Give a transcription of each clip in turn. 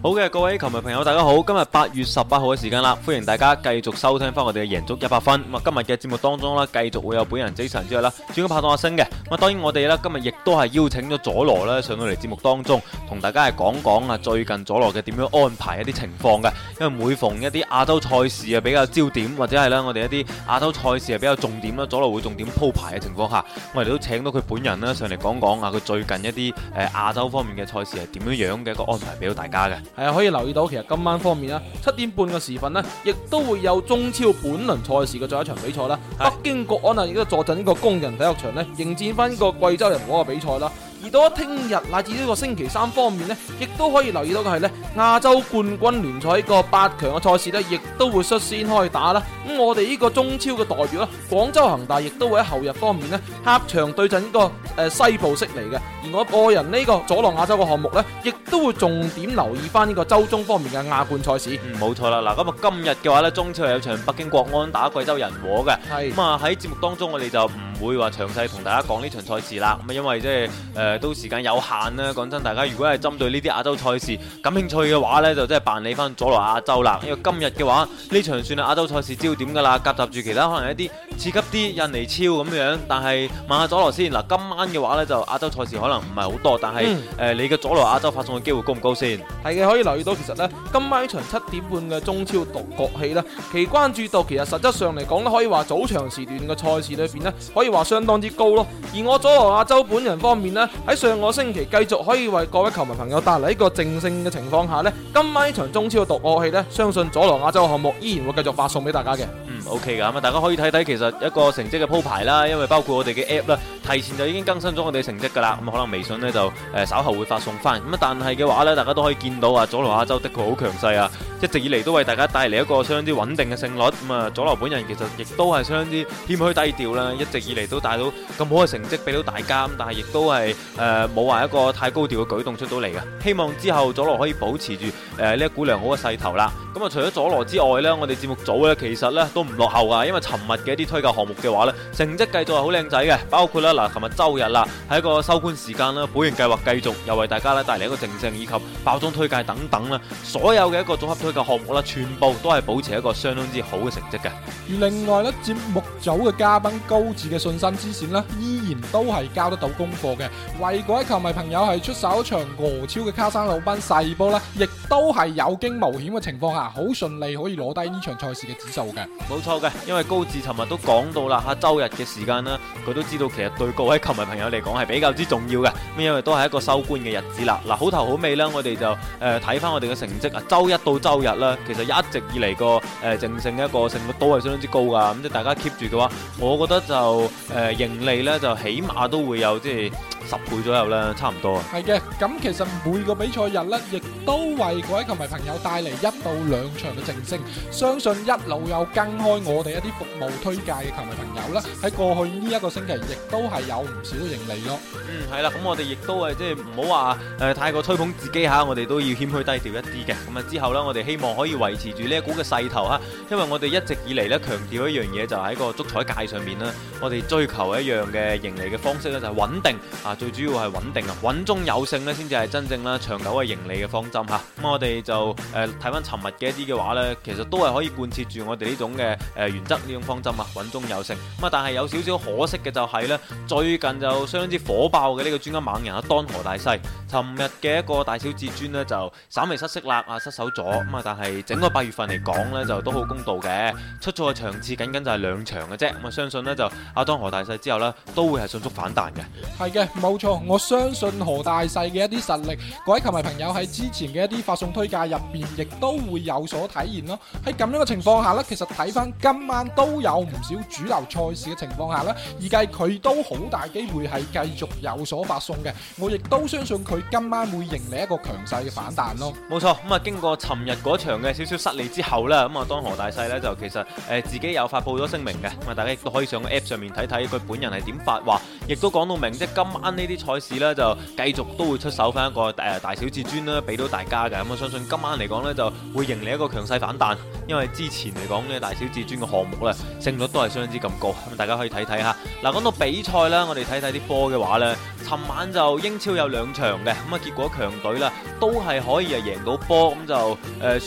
好嘅，各位球迷朋友，大家好！今日八月十八號嘅時間啦，歡迎大家繼續收聽翻我哋嘅贏足一百分。咁啊，今日嘅節目當中啦，繼續會有本人 Jason 之外啦，轉咁拍檔阿星嘅。咁當然我哋啦，今日亦都係邀請咗佐羅咧上到嚟節目當中，同大家係講講啊最近佐羅嘅點樣安排一啲情況嘅。因為每逢一啲亞洲賽事啊比較焦點，或者係呢我哋一啲亞洲賽事係比較重點啦，佐羅會重點鋪排嘅情況下，我哋都請到佢本人啦上嚟講講啊佢最近一啲誒亞洲方面嘅賽事係點樣樣嘅一個安排俾到大家嘅。係啊，是可以留意到，其實今晚方面啦，七點半嘅時分呢，亦都會有中超本輪賽事嘅最後一場比賽啦的。北京國安啊，亦都坐鎮呢個工人體育場咧，迎戰翻呢個貴州人和嘅比賽啦。而到咗聽日乃至呢個星期三方面呢，亦都可以留意到嘅係呢，亞洲冠軍聯賽呢個八強嘅賽事呢，亦都會率先開打啦。咁我哋呢個中超嘅代表啦，廣州恒大亦都會喺後日方面呢，客場對陣呢、這個誒、呃、西部悉尼嘅。而我人這個人呢個左浪亞洲嘅項目呢，亦都會重點留意翻呢個周中方面嘅亞冠賽事。冇、嗯、錯啦。嗱，咁啊今日嘅話呢，中超有場北京國安打貴州人和嘅。係是。咁啊喺節目當中我哋就唔會話詳細同大家講呢場賽事啦。咁啊因為即、就、係、是呃誒，都時間有限啦。講真，大家如果係針對呢啲亞洲賽事感興趣嘅話呢，就真係辦理翻佐羅亞洲啦。因為今日嘅話，呢場算係亞洲賽事焦點噶啦，夾雜住其他可能一啲刺激啲印尼超咁樣。但係問下佐羅先，嗱，今晚嘅話呢，就亞洲賽事可能唔係好多，但係誒、嗯呃，你嘅佐羅亞洲發送嘅機會高唔高先？係嘅，可以留意到，其實呢，今晚呢場七點半嘅中超獨角戲啦。其關注度其實實質上嚟講呢，可以話早場時段嘅賽事裏邊呢，可以話相當之高咯。而我佐羅亞洲本人方面呢，喺上個星期繼續可以為各位球迷朋友帶嚟一個正勝嘅情況下呢，今晚呢場中超嘅獨樂戲，相信佐羅亞洲嘅項目依然會繼續發送俾大家嘅、嗯。嗯，OK 噶，咁大家可以睇睇其實一個成績嘅鋪排啦，因為包括我哋嘅 app 啦，提前就已經更新咗我哋成績噶啦，咁可能微信呢，就誒稍後會發送翻。咁啊但係嘅話呢，大家都可以見到啊，佐羅亞洲的確好強勢啊，一直以嚟都為大家帶嚟一個相當穩定嘅勝率。咁、嗯、啊，佐羅本人其實亦都係相當之謙虛低調啦，一直以嚟都帶到咁好嘅成績俾到大家。咁但係亦都係。誒，冇話、呃、一個太高調嘅舉動出到嚟嘅，希望之後佐羅可以保持住誒呢、呃、一股良好嘅勢頭啦。咁啊，除咗佐羅之外咧，我哋節目組呢其實呢都唔落後噶因為尋日嘅一啲推介項目嘅話呢，成績繼續係好靚仔嘅。包括咧，嗱，琴日周日啦，係一個收官時間啦，保營計劃繼續又為大家呢帶嚟，一個正勝以及爆莊推介等等啦。所有嘅一個組合推介項目啦，全部都係保持一個相當之好嘅成績嘅。而另外呢節目組嘅嘉賓高智嘅信心之選呢，依然都係交得到功課嘅。為各位球迷朋友係出手一場俄超嘅卡山魯賓細波啦，亦都係有驚無險嘅情況下，好順利可以攞低呢場賽事嘅指數嘅，冇錯嘅，因為高志尋日都講到啦，吓周日嘅時間咧，佢都知道其實對各位球迷朋友嚟講係比較之重要嘅，咁因為都係一個收官嘅日子啦，嗱好頭好尾呢，我哋就誒睇翻我哋嘅成績啊，周一到周日咧，其實一直以嚟個誒正勝嘅一個勝率都係相當之高噶，咁即大家 keep 住嘅話，我覺得就誒、呃、盈利呢，就起碼都會有即係十倍左右啦，差唔多。係嘅，咁其實每個比賽日呢，亦都為各位球迷朋友帶嚟一到。兩場嘅正勝，相信一路有跟開我哋一啲服務推介嘅球迷朋友啦，喺過去呢一個星期亦都係有唔少盈利咯。嗯，係啦，咁我哋亦都係即係唔好話誒太過吹捧自己嚇，我哋都要謙虛低調一啲嘅。咁啊之後啦，我哋希望可以維持住呢一股嘅勢頭嚇，因為我哋一直以嚟呢強調一樣嘢，就係喺個足彩界上面啦，我哋追求一樣嘅盈利嘅方式呢，就係穩定啊，最主要係穩定啊，穩中有勝呢，先至係真正啦長久嘅盈利嘅方針嚇。咁、啊、我哋就誒睇翻尋日。嘅一啲嘅話咧，其實都係可以貫徹住我哋呢種嘅誒原則呢種方針啊，穩中有成，咁啊，但係有少少可惜嘅就係咧，最近就相當之火爆嘅呢個專家猛人阿當何大細尋日嘅一個大小至尊咧就稍微失色啦啊，失手咗。咁啊，但係整個八月份嚟講咧，就都好公道嘅，出錯嘅場次僅僅就係兩場嘅啫。咁啊，相信咧就阿當何大細之後咧，都會係迅速反彈嘅。係嘅，冇錯，我相信何大細嘅一啲實力。各位球迷朋友喺之前嘅一啲發送推介入邊亦都會。有所體驗咯，喺咁樣嘅情況下呢，其實睇翻今晚都有唔少主流賽事嘅情況下呢，預計佢都好大機會係繼續有所發送嘅，我亦都相信佢今晚會迎嚟一個強勢嘅反彈咯。冇錯，咁、嗯、啊經過尋日嗰場嘅少少失利之後呢，咁、嗯、啊當何大細呢，就其實誒、呃、自己有發布咗聲明嘅，咁、嗯、啊大家亦都可以上個 app 上面睇睇佢本人係點發話，亦都講到明即今晚呢啲賽事呢，就繼續都會出手翻一個誒大，大小至尊啦，俾到大家嘅，咁、嗯、啊相信今晚嚟講呢，就會迎。嚟一個強勢反彈，因為之前嚟講呢，大小至尊嘅項目咧勝率都係相當之咁高，大家可以睇睇吓。嗱，講到比賽啦，我哋睇睇啲波嘅話呢，尋晚就英超有兩場嘅，咁啊結果強隊呢都係可以啊贏到波，咁就誒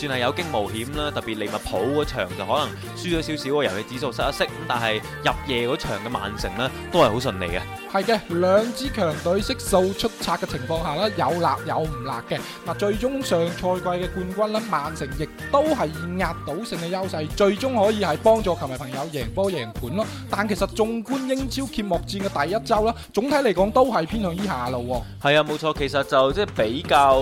算係有驚無險啦。特別利物浦嗰場就可能輸咗少少，遊戲指數失一色，咁但係入夜嗰場嘅曼城呢，都係好順利嘅。係嘅，兩支強隊悉數出策嘅情況下呢，有辣有唔辣嘅。嗱，最終上賽季嘅冠軍呢，曼城。亦都係壓倒性嘅優勢，最終可以係幫助球迷朋友贏波贏盤咯。但其實縱觀英超揭幕戰嘅第一周啦，總體嚟講都係偏向於下路。係啊，冇錯，其實就即係比較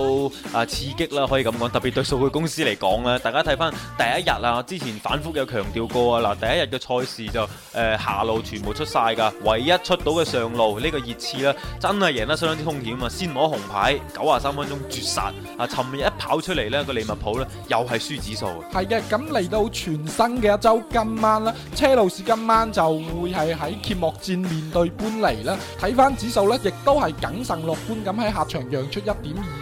啊刺激啦，可以咁講。特別對數據公司嚟講咧，大家睇翻第一日啊，我之前反覆有強調過啊，嗱，第一日嘅賽事就誒下路全部出晒噶，唯一出到嘅上路呢個熱刺啦，真係贏得相當之風險啊，先攞紅牌九啊三分鐘絕殺啊，尋日一跑出嚟咧個利物浦咧又。係輸指數，係嘅。咁嚟到全新嘅一周，今晚啦，車路士今晚就會係喺揭幕戰面對般尼啦。睇返指數咧，亦都係謹慎樂觀咁喺客場讓出一點二。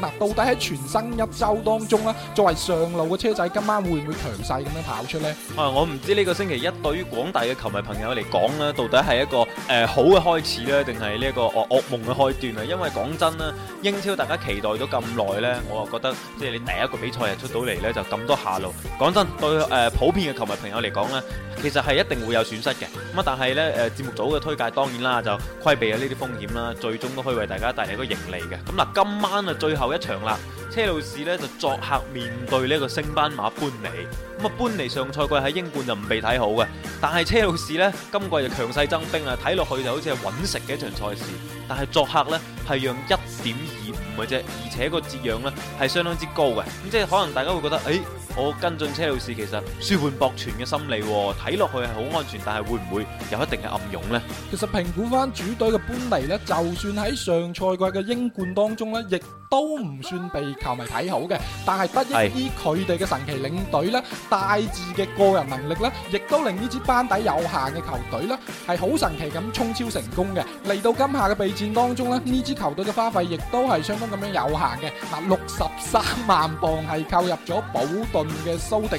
嗱，到底喺全新一週當中咧，作為上路嘅車仔，今晚會唔會強勢咁樣跑出咧？啊，我唔知呢個星期一對於廣大嘅球迷朋友嚟講咧，到底係一個誒好嘅開始咧，定係呢一個惡惡夢嘅開端啊？因為講真咧，英超大家期待咗咁耐咧，我覺得即係你第一個比賽日出到嚟咧，就咁多下路。講真，對誒普遍嘅球迷朋友嚟講咧，其實係一定會有損失嘅。咁啊，但係咧誒，節目組嘅推介當然啦，就規避咗呢啲風險啦，最終都可以為大家帶嚟一個盈利嘅。咁嗱，今晚啊！最後一場啦，車路士咧就作客面對呢個升班馬潘尼。咁啊，搬嚟上賽季喺英冠就唔被睇好嘅，但係車路士呢，今季就強勢增兵啦。睇落去就好似係穩食嘅一場賽事，但係作客呢，係讓一點二五嘅啫，而且個節樣呢，係相當之高嘅，咁即係可能大家會覺得，誒、欸，我跟進車路士其實舒緩博全嘅心理、哦，睇落去係好安全，但係會唔會有一定嘅暗湧呢？其實評估翻主隊嘅搬嚟呢，就算喺上賽季嘅英冠當中呢，亦都唔算被球迷睇好嘅，但係得益於佢哋嘅神奇領隊呢。是嗯大致嘅個人能力咧，亦都令呢支班底有限嘅球隊咧，係好神奇咁衝超成功嘅。嚟到今下嘅備戰當中咧，呢支球隊嘅花費亦都係相當咁樣有限嘅。嗱，六十三萬磅係購入咗保頓嘅蘇迪。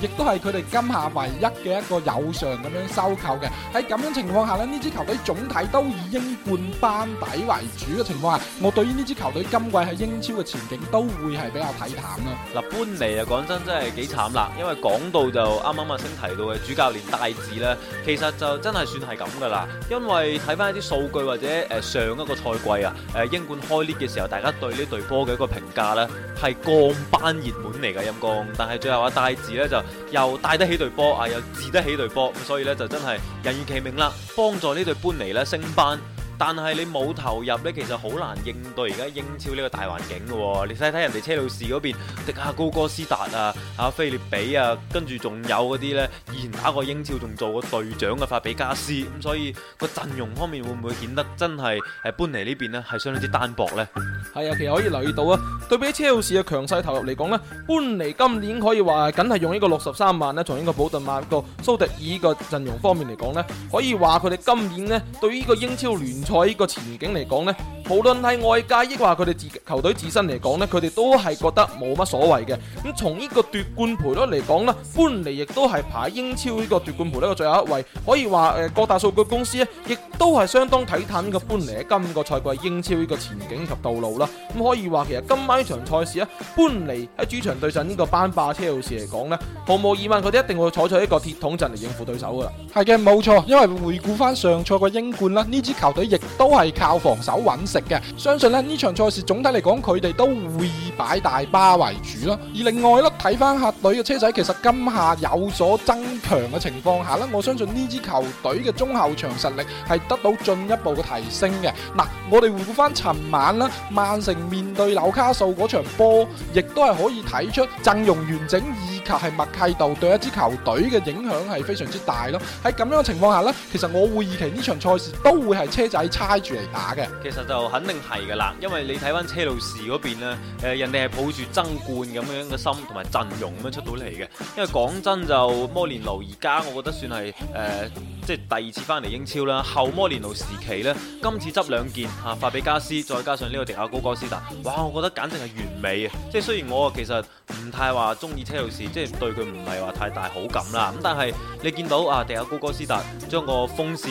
亦都係佢哋今夏唯一嘅一個有償，咁樣收購嘅。喺咁樣情況下咧，呢支球隊總體都以英冠班底為主嘅情況下，我對於呢支球隊今季喺英超嘅前景都會係比較睇淡咯。嗱，搬嚟啊，講真的真係幾慘啦，因為講到就啱啱阿星提到嘅主教練戴治咧，其實就真係算係咁噶啦。因為睇翻一啲數據或者誒，上一個賽季啊，誒英冠開裂嘅時候，大家對呢隊波嘅一個評價呢，係降班熱門嚟噶陰公，但係最後啊戴治。而咧就又帶得起隊波啊，又治得起隊波，咁所以咧就真係人如其名啦，幫助呢隊搬嚟咧升班。但係你冇投入呢，其實好難應對而家英超呢個大環境嘅喎。你睇睇人哋車路士嗰邊，迪亞高哥斯達啊，啊菲列比啊，跟住仲有嗰啲呢以前打過英超仲做過隊長嘅法比加斯。咁所以個陣容方面會唔會顯得真係誒般尼呢邊呢係相當之單薄呢？係啊，其實可以留意到啊，對比車路士嘅強勢投入嚟講呢，般尼今年可以話僅係用呢個六十三萬呢，從呢個保頓買個蘇迪爾個陣容方面嚟講呢，可以話佢哋今年呢對於呢個英超聯喺呢個前景嚟講咧。無論係外界亦話佢哋自己球隊自身嚟講呢，佢哋都係覺得冇乜所謂嘅。咁從呢個奪冠賠率嚟講呢，班尼亦都係排英超呢個奪冠賠率嘅最後一位。可以話誒，各大數據公司咧，亦都係相當睇淡，呢個班尼喺今個賽季英超呢個前景及道路啦。咁可以話其實今晚呢場賽事咧，班尼喺主場對上呢個班霸車路士嚟講呢，毫無疑問佢哋一定會採取一個鐵桶陣嚟應付對手噶啦。係嘅，冇錯。因為回顧翻上個賽季英冠咧，呢支球隊亦都係靠防守穩食。嘅，相信咧，呢場賽事總體嚟講，佢哋都會擺大巴為主咯。而另外咧，睇翻客隊嘅車仔，其實今夏有所增強嘅情況下咧，我相信呢支球隊嘅中後場實力係得到進一步嘅提升嘅。嗱，我哋回顧翻尋晚咧，曼城面對紐卡素嗰場波，亦都係可以睇出陣容完整以及係默契度對一支球隊嘅影響係非常之大咯。喺咁樣嘅情況下呢，其實我會預期呢場賽事都會係車仔猜住嚟打嘅。其實就肯定係噶啦，因為你睇翻車路士嗰邊呢誒，人哋係抱住爭冠咁樣嘅心同埋陣容咁樣出到嚟嘅。因為講真就摩連奴而家，我覺得算係誒。呃即係第二次翻嚟英超啦，後摩連奴時期呢，今次執兩件法比加斯，再加上呢個迪亞高哥斯達，哇，我覺得簡直係完美啊！即係雖然我其實唔太話中意車路士，即係對佢唔係話太大好感啦。咁但係你見到啊，迪亞高哥斯達將個風扇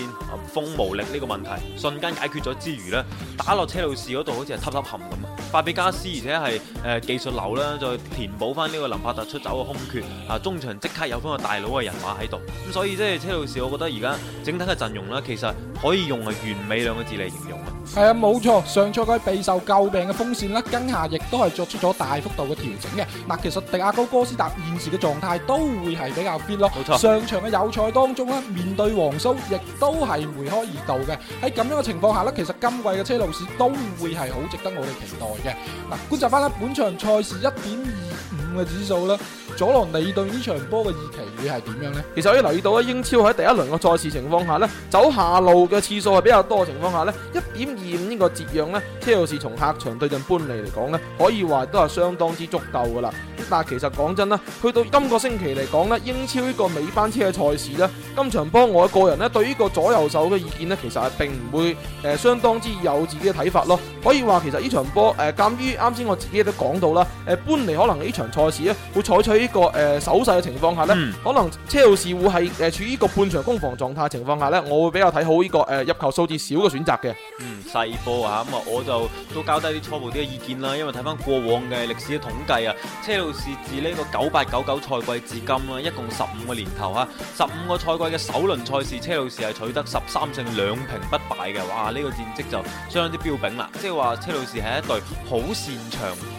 風無力呢個問題瞬間解決咗之餘呢，打落車路士嗰度好似係吸吸含咁啊！法比加斯，而且係技術流啦，再填補翻呢個林柏特出走嘅空缺啊，中場即刻有翻個大佬嘅人馬喺度，咁所以即係車路士，我覺得。而家整體嘅陣容啦，其實可以用係完美兩個字嚟形容啊。係啊，冇錯。上賽季備受詬病嘅風扇啦，今夏亦都係作出咗大幅度嘅調整嘅。嗱，其實迪亞高哥斯達現時嘅狀態都會係比較 fit 咯。冇錯。上場嘅友賽當中咧，面對黃蘇亦都係梅開二度嘅。喺咁樣嘅情況下咧，其實今季嘅車路士都會係好值得我哋期待嘅。嗱，觀察翻啦，本場賽事一點二五嘅指數啦。佐羅尼對呢場波嘅預期會係點樣呢？其實可以留意到咧，英超，喺第一輪嘅賽事情況下咧，走下路嘅次數係比較多嘅情況下咧，一點二五呢個節讓咧，車路士從客場對陣搬尼嚟講咧，可以話都係相當之足夠噶啦。但係其實講真啦，去到今個星期嚟講咧，英超呢個尾班車嘅賽事咧，今場波我個人咧，對於個左右手嘅意見咧，其實係並唔會，誒，相當之有自己嘅睇法咯。可以話其實呢場波，誒，鑒於啱先我自己都講到啦，誒，搬嚟可能呢場賽事咧，會採取。個誒、呃、手勢嘅情況下呢、嗯、可能車路士會係誒處於個半場攻防狀態情況下呢，我會比較睇好呢、這個誒、呃、入球數字少嘅選擇嘅。嗯，細波啊，咁啊，我就都交低啲初步啲嘅意見啦。因為睇翻過往嘅歷史嘅統計啊，車路士自呢個九八九九賽季至今啊，一共十五個年頭吓，十五個賽季嘅首輪賽事，車路士係取得十三勝兩平不敗嘅。哇，呢、這個戰績就相當之彪炳啦。即係話車路士係一隊好擅長。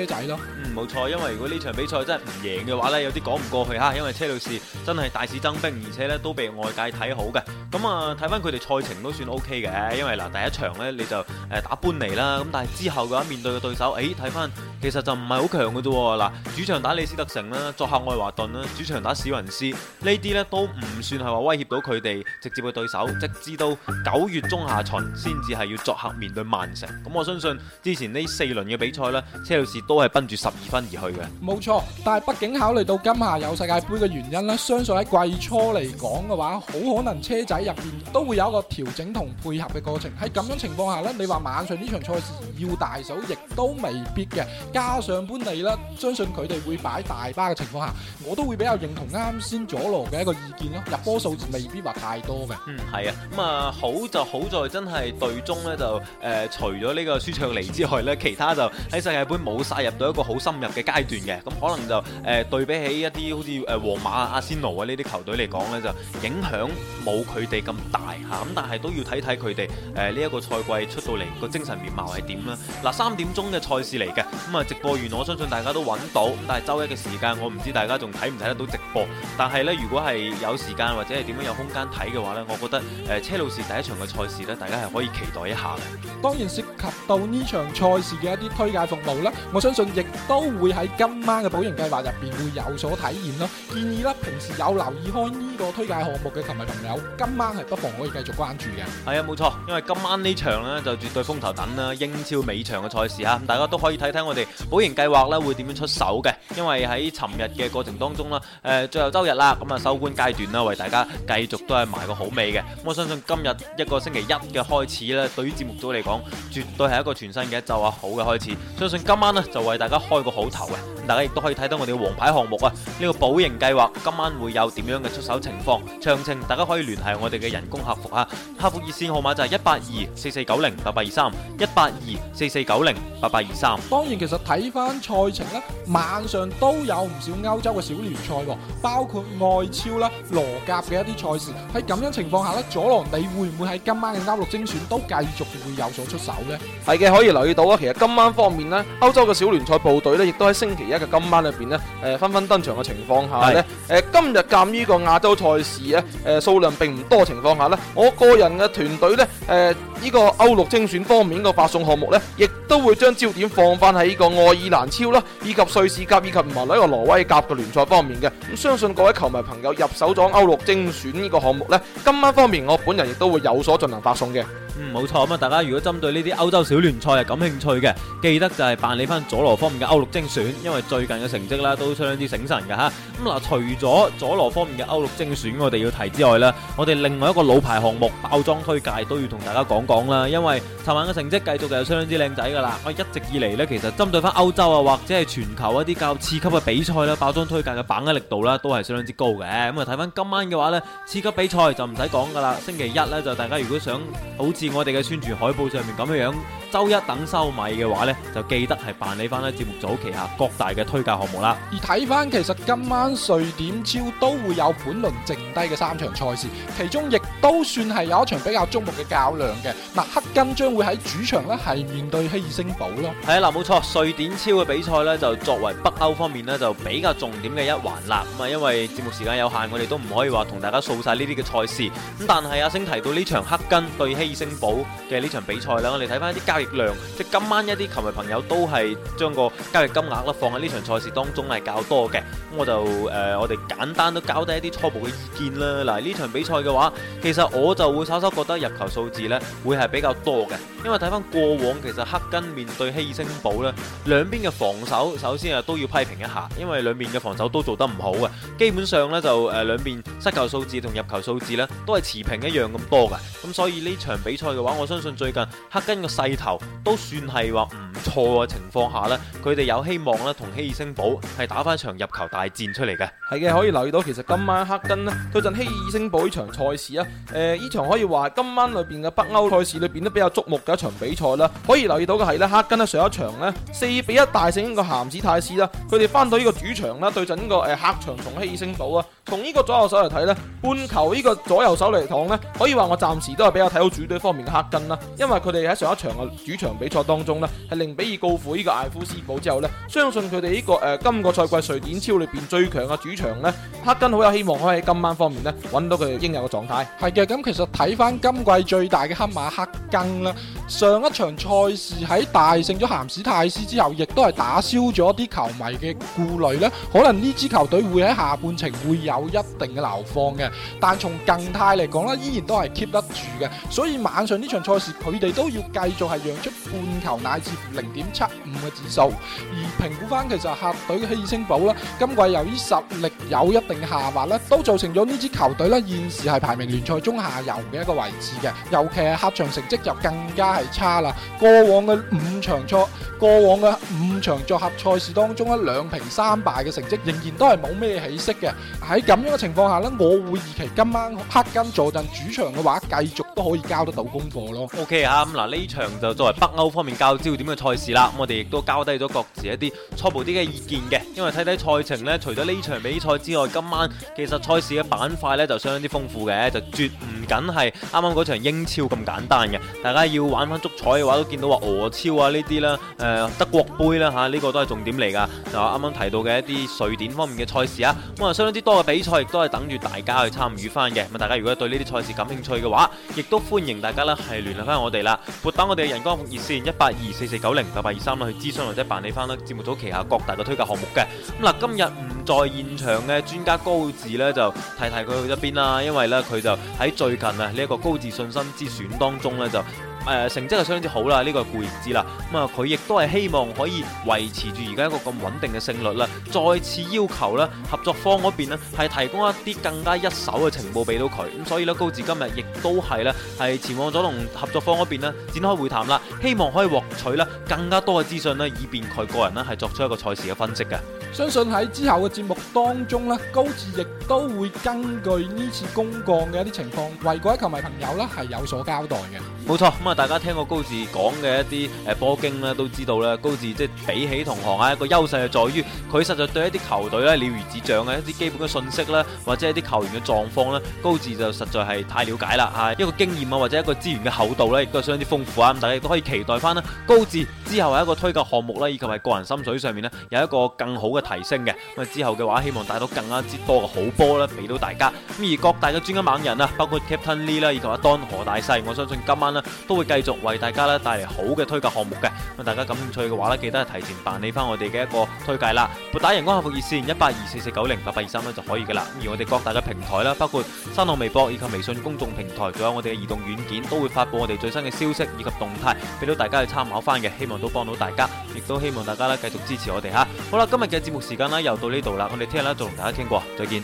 嗯，冇錯，因為如果呢場比賽真係唔贏嘅話呢，有啲講唔過去吓，因為車路士真係大肆增兵，而且呢都被外界睇好嘅。咁啊，睇翻佢哋賽程都算 O K 嘅，因為嗱第一場呢你就誒打搬尼啦，咁但係之後嘅話面對嘅對手，誒睇翻其實就唔係好強嘅啫。嗱，主場打李斯特城啦，作客愛華頓啦，主場打史雲斯呢啲呢，這些都唔算係話威脅到佢哋直接嘅對手，直至到九月中下旬先至係要作客面對曼城。咁我相信之前呢四輪嘅比賽咧，車路士。都係奔住十二分而去嘅，冇錯。但係畢竟考慮到今夏有世界杯嘅原因咧，相信喺季初嚟講嘅話，好可能車仔入邊都會有一個調整同配合嘅過程。喺咁樣情況下咧，你話晚上呢場賽事要大手，亦都未必嘅。加上般尼啦，相信佢哋會擺大巴嘅情況下，我都會比較認同啱先佐羅嘅一個意見咯。入波數字未必話太多嘅。嗯，係啊。咁啊，好就好在真係隊中咧，就誒除咗呢個舒暢尼之外咧，其他就喺世界杯冇晒。入到一個好深入嘅階段嘅，咁可能就誒、呃、對比起一啲好似誒皇馬阿、啊、仙奴啊呢啲球隊嚟講呢，就影響冇佢哋咁大吓，咁、嗯、但係都要睇睇佢哋誒呢一個賽季出到嚟個精神面貌係點啦。嗱、呃、三點鐘嘅賽事嚟嘅，咁、嗯、啊直播完，我相信大家都揾到，但係周一嘅時間我唔知大家仲睇唔睇得到直播。但係呢，如果係有時間或者係點樣有空間睇嘅話呢，我覺得誒、呃、車路士第一場嘅賽事呢，大家係可以期待一下嘅。當然涉及到呢場賽事嘅一啲推介服務啦，我想。相信亦都會喺今晚嘅保贏計劃入邊會有所體現咯。建議啦，平時有留意開呢個推介項目嘅球迷朋友，今晚係不妨可以繼續關注嘅。係啊，冇錯，因為今晚呢場呢，就絕對風頭等啦，英超尾場嘅賽事哈，大家都可以睇睇我哋保贏計劃咧會點樣出手嘅。因為喺尋日嘅過程當中啦，誒，最後周日啦，咁啊，收官階段啦，為大家繼續都係埋個好尾嘅。我相信今日一個星期一嘅開始呢，對於節目組嚟講，絕對係一個全新嘅一週啊，好嘅開始。相信今晚呢。就。為大家開個好頭嘅，咁大家亦都可以睇到我哋嘅王牌項目啊，呢個保營計劃今晚會有點樣嘅出手情況？詳情大家可以聯繫我哋嘅人工客服啊，客服熱線號碼就係一八二四四九零八八二三，一八二四四九零八八二三。當然，其實睇翻賽程咧，晚上都有唔少歐洲嘅小聯賽，包括外超啦、羅甲嘅一啲賽事。喺咁樣情況下咧，佐羅你會唔會喺今晚嘅歐陸精選都繼續會有所出手咧？係嘅，可以留意到啊。其實今晚方面咧，歐洲嘅。小聯賽部隊咧，亦都喺星期一嘅今晚裏邊咧，誒紛紛登場嘅情況下咧，誒是、呃、今日鑒於個亞洲賽事咧，誒、呃、數量並唔多的情況下咧，我個人嘅團隊咧，誒、呃。呢個歐陸精選方面嘅發送項目呢，亦都會將焦點放翻喺呢個愛爾蘭超啦，以及瑞士甲以及唔係呢個挪威甲嘅聯賽方面嘅。咁、嗯、相信各位球迷朋友入手咗歐陸精選呢個項目呢，今晚方面我本人亦都會有所進行發送嘅。嗯，冇錯咁啊！大家如果針對呢啲歐洲小聯賽係感興趣嘅，記得就係辦理翻佐羅方面嘅歐陸精選，因為最近嘅成績啦都相當之醒神㗎吓。咁、嗯、嗱，除咗佐羅方面嘅歐陸精選我哋要提之外咧，我哋另外一個老牌項目包裝推介都要同大家講,講。講啦，因為尋晚嘅成績繼續就係相當之靚仔噶啦，我一直以嚟，呢，其實針對翻歐洲啊或者係全球一啲較次級嘅比賽啦，包裝推介嘅捧嘅力度呢都係相當之高嘅，咁啊睇翻今晚嘅話呢，次級比賽就唔使講噶啦，星期一呢，就大家如果想好似我哋嘅宣傳海報上面咁樣樣。周一等收米嘅話咧，就記得係辦理翻咧節目組旗下各大嘅推介項目啦。而睇翻其實今晚瑞典超都會有本輪剩低嘅三場賽事，其中亦都算係有一場比較矚目嘅較量嘅。嗱，黑根將會喺主場咧係面對希爾星堡咯。係啊，嗱，冇錯，瑞典超嘅比賽咧就作為北歐方面咧就比較重點嘅一環啦。咁啊，因為節目時間有限，我哋都唔可以話同大家掃晒呢啲嘅賽事。咁但係阿星提到呢場黑根對希爾星堡嘅呢場比賽咧，我哋睇翻啲力量即係今晚一啲球迷朋友都係將個交易金額啦，放喺呢場賽事當中係較多嘅，咁我就誒、呃、我哋簡單都交代一啲初步嘅意見啦。嗱，呢場比賽嘅話，其實我就會稍稍覺得入球數字咧會係比較多嘅，因為睇翻過往其實黑根面對希星堡咧，兩邊嘅防守首先啊都要批評一下，因為兩邊嘅防守都做得唔好啊。基本上咧就誒、呃、兩邊失球數字同入球數字咧都係持平一樣咁多嘅，咁所以呢場比賽嘅話，我相信最近黑根嘅勢頭。都算係話唔錯嘅情況下呢，佢哋有希望呢同希爾星堡係打翻一場入球大戰出嚟嘅。係嘅，可以留意到，其實今晚黑根呢對陣希爾星堡呢場賽事啊，誒、呃、呢場可以話今晚裏邊嘅北歐賽事裏邊都比較矚目嘅一場比賽啦。可以留意到嘅係呢，黑根呢上一場呢四比一大勝呢個咸子泰斯啦。佢哋翻到呢個主場咧對陣呢個誒客場同希爾星堡啊。從呢個左右手嚟睇呢，半球呢個左右手嚟講呢，可以話我暫時都係比較睇好主隊方面嘅黑根啦，因為佢哋喺上一場嘅。主場比賽當中呢，係零比二告負呢個艾夫斯堡之後呢，相信佢哋呢個誒、呃、今個賽季瑞典超裏邊最強嘅主場呢，黑根好有希望可以喺今晚方面呢揾到佢應有嘅狀態。係嘅，咁其實睇翻今季最大嘅黑馬黑根啦，上一場賽事喺大勝咗咸史泰斯之後，亦都係打消咗啲球迷嘅顧慮咧。可能呢支球隊會喺下半程會有一定嘅流放嘅，但從近態嚟講咧，依然都係 keep 得住嘅。所以晚上呢場賽事佢哋都要繼續係。出半球乃至乎零點七五嘅指數，而評估翻其實客隊嘅氣聲保啦，今季由於實力有一定下滑咧，都造成咗呢支球隊咧現時係排名聯賽中下游嘅一個位置嘅，尤其係客場成績就更加係差啦，過往嘅五場賽。過往嘅五場作客賽事當中咧，兩平三敗嘅成績仍然都係冇咩起色嘅。喺咁樣嘅情況下呢，我會預期今晚黑金坐陣主場嘅話，繼續都可以交得到功課咯。OK 啊、嗯，咁嗱呢場就作為北歐方面較焦點嘅賽事啦、嗯。我哋亦都交低咗各自一啲初步啲嘅意見嘅。因為睇睇賽程呢。呢除咗呢場比賽之外，今晚其實賽事嘅板塊呢就相當之豐富嘅，就絕唔僅係啱啱嗰場英超咁簡單嘅。大家要玩翻足彩嘅話，都見到話俄超啊呢啲啦，呃德國盃啦吓，呢、啊呢個都係重點嚟噶。啱、啊、啱提到嘅一啲瑞典方面嘅賽事啊，咁啊，相當之多嘅比賽亦都係等住大家去參與翻嘅。咁大家如果對呢啲賽事感興趣嘅話，亦都歡迎大家呢係聯絡翻我哋啦，撥打我哋嘅人工熱線一八二四四九零八八二三去諮詢或者辦理翻啦，節目組旗下各大嘅推介項目嘅。咁、啊、嗱，今日唔在現場嘅專家高志呢，就提提佢去一邊啦，因為呢，佢就喺最近啊呢一個高智信心之選當中呢，就。誒、呃、成績係相當之好啦，呢、這個固然之啦。咁啊，佢亦都係希望可以維持住而家一個咁穩定嘅勝率啦。再次要求啦，合作方嗰邊咧係提供一啲更加一手嘅情報俾到佢。咁所以呢，高志今日亦都係呢係前往咗同合作方嗰邊咧展開會談啦，希望可以獲取呢更加多嘅資訊呢，以便佢個人呢係作出一個賽事嘅分析嘅。相信喺之後嘅節目當中呢，高志亦都會根據呢次公幹嘅一啲情況，為各位球迷朋友呢係有所交代嘅。冇錯，咁啊，大家聽過高智講嘅一啲誒波經都知道，高智即係比起同行啊，一個優勢就在於佢實在對一啲球隊咧了如指掌，一啲基本嘅信息，或者一啲球員嘅狀況，高智就實在係太了解啦，一個經驗啊，或者一個資源嘅厚度咧，亦都相當之豐富啊。但亦都可以期待翻啦，高智之後喺一個推介項目啦，以及係個人心水上面咧，有一個更好嘅提升嘅。咁之後嘅話，希望帶到更加之多嘅好波咧，俾到大家。咁而各大嘅專家猛人啊，包括 Captain Lee 啦，以及阿 Don 何大細，我相信今晚都會繼續為大家咧帶嚟好嘅推介項目嘅，咁大家感興趣嘅話咧，記得提前辦理翻我哋嘅一個推介啦，撥打人工客服熱線一八二四四九零八八二三就可以嘅啦。而我哋各大嘅平台啦，包括新浪微博以及微信公眾平台，仲有我哋嘅移動軟件，都會發布我哋最新嘅消息以及動態，俾到大家去參考翻嘅，希望都幫到大家，亦都希望大家咧繼續支持我哋哈。好啦，今日嘅節目時間咧又到呢度啦，我哋聽日咧再同大家傾過，再見。